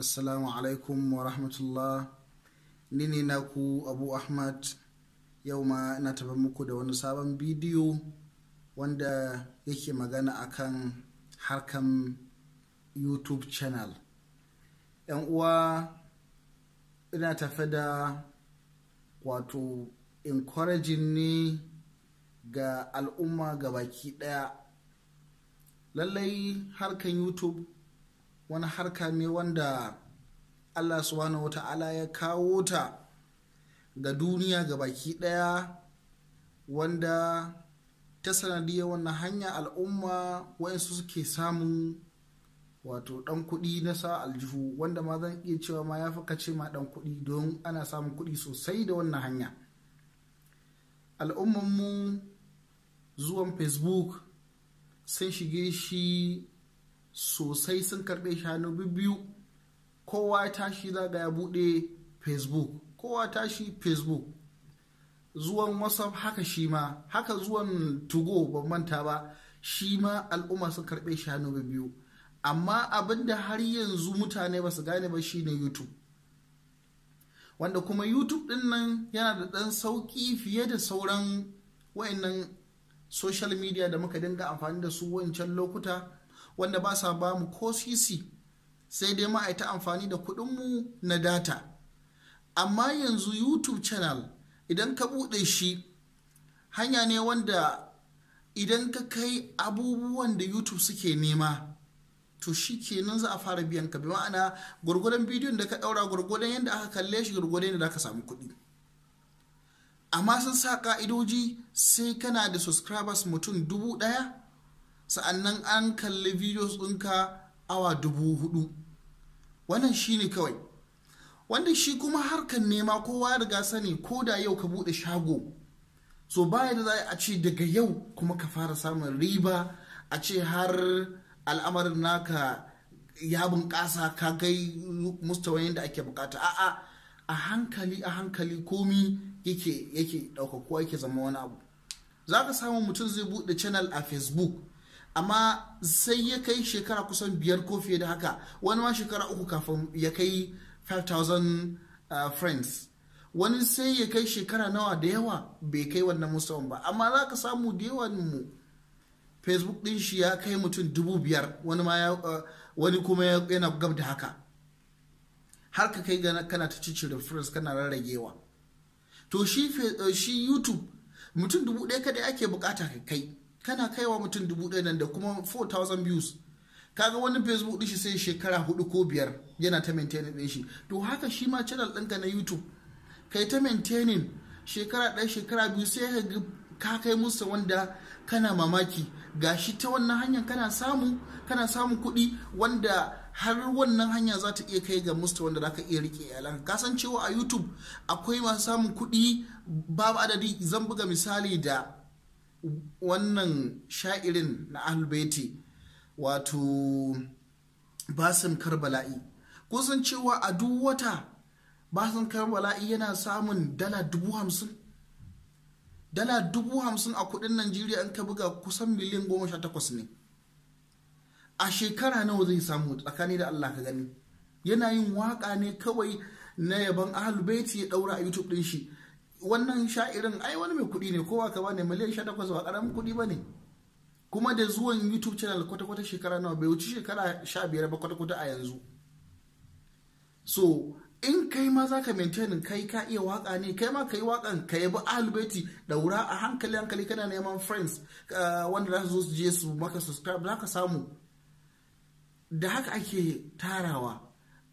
assalamu alaikum wa rahmatullah ni ne naku abu ahmad yau ma ina tafe muku da wani sabon bidiyo wanda yake magana akan harkan youtube channel yan uwa ina tafe da wato encouraging ne ga al'umma ga baki daya lallai harkan youtube wani harka ne wanda allah subhanahu wa ta'ala ya kawo ta ga duniya ga baki ɗaya wanda ta sanadiyar wannan hanya al'umma waɗansu suke samun wato ɗan kuɗi na sa aljihu wanda ma zan iya cewa ma ya fi kace ma ɗan kuɗi don ana samun kuɗi sosai da wannan hanya al'ummanmu zuwan facebook sun shige shi sosai sun karɓi shanu biyu kowa tashi zaga ya buɗe facebook kowa tashi facebook zuwan whatsapp haka shi ma haka zuwan tugo ban manta ba shi ma al'umma sun karɓi shanu biyu amma abinda har yanzu mutane ba su gane ba shine youtube wanda kuma youtube din nan yana da ɗan sauki fiye da sauran wayannan social media da muka dinga amfani da su wancan lokuta wanda ba sa ba mu ko sisi sai dai ma'aita amfani da kuɗinmu na data amma yanzu youtube channel idan ka bude shi hanya ne wanda idan ka kai abubuwan da youtube suke nema to shi kenan za a fara biyan ka bi ma'ana gwargwadon bidiyon da ka daura gwargwadon yadda aka kalle shi gwargwadon yadda aka samu kuɗi amma sun sa ka'idoji sai kana da subscribers mutum dubu ɗaya sa'annan an kalli videos ɗinka awa dubu hudu wannan shi ne kawai wanda shi kuma harkar nema kowa riga sani ko da yau ka buɗe shago so baya da za a ce daga yau kuma ka fara samun riba a ce har al'amarin naka ya bunƙasa ka gai mustawayin da ake bukata a'a a hankali a hankali komi yake yake ko yake zama wani abu za ka samu mutum zai buɗe channel a facebook amma sai ya kai shekara kusan biyar ko fiye da haka wani ma shekara uku kafin ya kai 5000 uh, friends wani sai ya kai shekara nawa da yawa bai kai wannan musamman ba amma za ka samu da yawan mu facebook din shi ya kai mutum dubu biyar wani uh, kuma yana gab da haka har ka kai kana ta cicire friends kana rarragewa to shi, uh, youtube mutum dubu ɗaya kada ake bukata ka kai kana kaiwa mutum dubu ɗaya nan da kuma 4000 views kaga wani facebook ɗin shi sai shekara hudu ko biyar yana ta maintaining ɗin shi to haka shi ma channel ɗinka na youtube kai ta maintaining shekara ɗaya shekara biyu sai ka ga ka kai musu wanda kana mamaki gashi ta wannan hanyar kana samu kana samun kuɗi wanda har wannan hanya za ta iya kai ga musta wanda za ka iya rike iyalan kasancewa a youtube akwai masu samun kuɗi babu adadi zan buga misali da wannan sha'irin na Albeti, wato basim karbala'i kusan cewa a duk wata basim karbala'i yana samun dala dubu hamsin dala dubu hamsin a kudin najeriya an ka buga kusan miliyan goma sha takwas ne a shekara nawa zai samu tsakani da allah ka gani yana yin waka ne kawai na yaban ahlbaiti ya daura a youtube din shi wannan sha'irin ai wani mai kuɗi ne kowa ka bane miliyan sha takwas ba ƙaramin kuɗi ba ne kuma da zuwan youtube channel kwata-kwata shekara nawa bai wuce shekara sha biyar ba kwata-kwata a yanzu so in kai ma za ka maintain kai ka iya waka ne kai ma ka yi wakan ka yi bi albeti daura a hankali hankali kana neman friends eh, wanda za su je su maka subscribe za ka samu da haka ake tarawa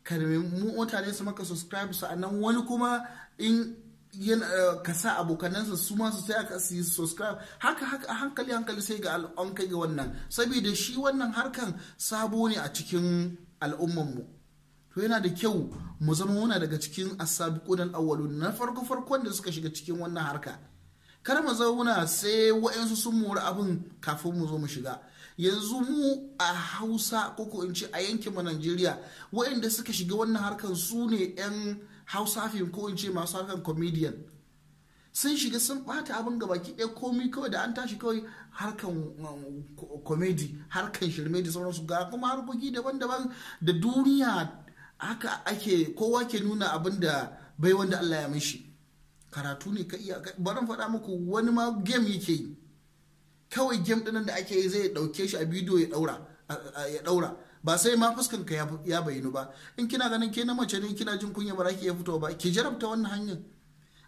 ka mutane su maka subscribe sa'annan wani kuma in Eh, ka sa abokanansa su masu sai aka su yi subscribe haka haka hankali hankali sai ga an kai ga wannan saboda shi wannan harkan sabo ne a cikin al'ummanmu to yana da kyau mu zama muna daga cikin asabiqun awwalun na farko farkon da suka shiga cikin wannan harka kar mu zauna sai wa'ansu sun mori abin kafin mu zo mu shiga yanzu mu a hausa ko ko in ce a yankinmu najeriya wa'anda suka shiga wannan harkan su ne 'yan hausa fim ko in ce masu harkar comedian sun shiga sun bata abin ga baki ɗaya komi kawai da an tashi kawai harkan komedi um, harkan shirme da sauransu ga kuma harkoki daban-daban da duniya haka ake kowa ke nuna abin da bai wanda Allah ya mishi karatu ne ka iya barin faɗa muku wani ma game yake yi kawai game ɗinan da ake yi zai ɗauke shi a bidiyo ya ɗaura ba sai ma fuskan ka ya bayinu ba in kina ganin ke na mace ne kina jin kunya ba ya fito ba ki jarabta wannan hanyar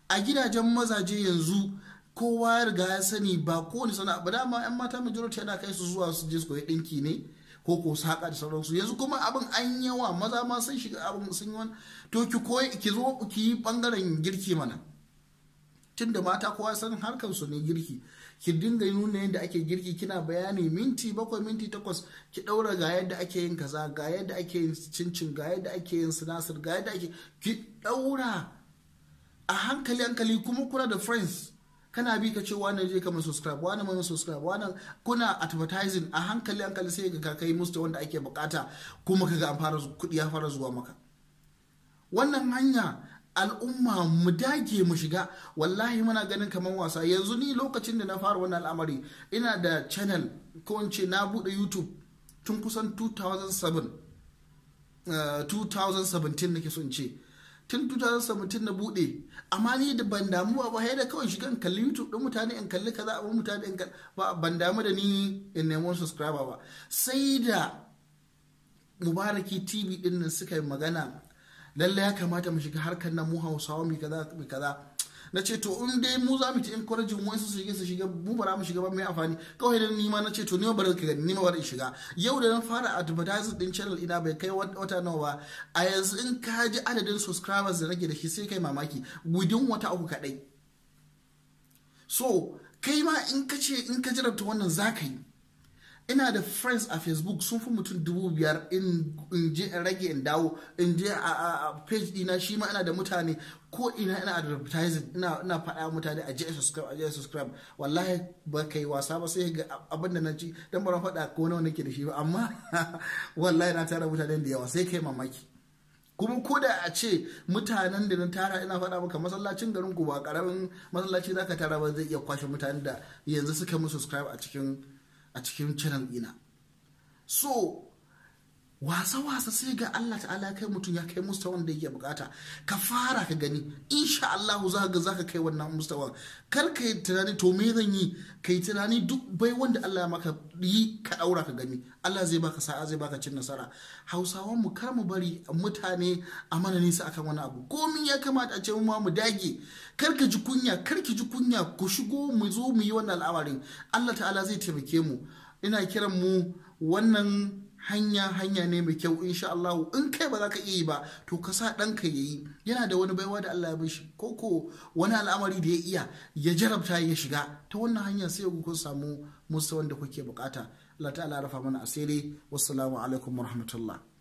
a gidajen mazaje yanzu kowa ya riga ya sani ba kowane sana'a ba dama yan mata majority yana kai su zuwa su je su koyi dinki ne ko ko saka da sauransu yanzu kuma abin an yawa maza ma sun shiga abin sun yi to ki koyi ki zo ki yi bangaren girki mana tunda mata kowa sanin harkar su ne girki ki dinga nuna yadda ake girki kina bayani minti bakwai minti takwas ki daura ga yadda ake yin kaza ga yadda ake yin cincin ga yadda ake yin sinasir ga yadda ake ki daura a hankali hankali kuma kuna da friends kana bi ka ce wani je kama subscribe wani mai subscribe wani kuna advertising a hankali hankali sai ga kai musta wanda ake bukata kuma kaga an fara kuɗi ya fara zuwa maka wannan hanya al'umma mu dage mu shiga wallahi muna ganin kamar wasa yanzu ni lokacin da na fara wannan al'amari ina da channel ko in ce na bude youtube tun kusan 2017 eh, nake so in ce tun 2017 na bude amma ni da ban damuwa ba da kawai shigan kalli youtube din mutane in kalli kaza abin mutane in ba ban damu da ni in nemo subscriber ba sai da mubaraki tv din nan suka yi magana lalle ya kamata mu shiga harkar nan mu hausawa mu kaza mu kaza na ce to in dai mu za mu ta mu wasu su shiga su shiga mu bara mu shiga ba mai amfani kawai dan nima na ce to nima bari ka nima bari shiga yau da na fara advertise din channel ina bai kai wata nawa ba a yanzu in ka ji adadin subscribers da nake da shi sai kai mamaki gudun wata uku kadai so kai ma in ka ce in ka jira jarabta wannan za yi ina da friends a facebook sun fi mutum dubu biyar in je in rage in dawo in je a page dina shi ma ina da mutane ko ina ina advertising ina ina mutane a je subscribe a je subscribe wallahi ba kai wasa ba sai ga abin da na ci dan ba faɗa ko nawa nake da shi ba amma wallahi na tara mutane da yawa sai kai mamaki kuma ko da a ce mutanen da na tara ina faɗa maka masallacin garin ku ba karamin masallaci zaka tara ba zai iya kwashe mutanen da yanzu suka mu subscribe a cikin a cikin channel ina so wasa-wasa sai ga Allah ta'ala kai mutum ya kai mustawan da yake bukata ka fara ka gani insha Allah za ka za kai wannan mustawan kar ka yi tunani to me zan yi ka yi tunani duk bai wanda Allah ya maka yi ka daura ka gani Allah zai baka sa'a zai baka cin nasara Hausawan mu kar mu bari mutane a mana nisa akan wani abu komin ya kamata a ce mu mu dage kar ka ji kunya kar ki ji kunya ku shigo mu zo mu yi wannan al'amarin Allah ta'ala zai taimake mu ina kiran mu wannan hanya hanya ne mai kyau insha Allah in kai ba za ka iya yi ba to ka sa ɗan ya yi yana da wani baiwa da Allah ya bai ko ko wani al'amari da ya iya ya jarabta ya shiga ta wannan hanya sai ku kun samu musa wanda kuke bukata Allah ta'ala rafa mana asiri wassalamu alaikum warahmatullahi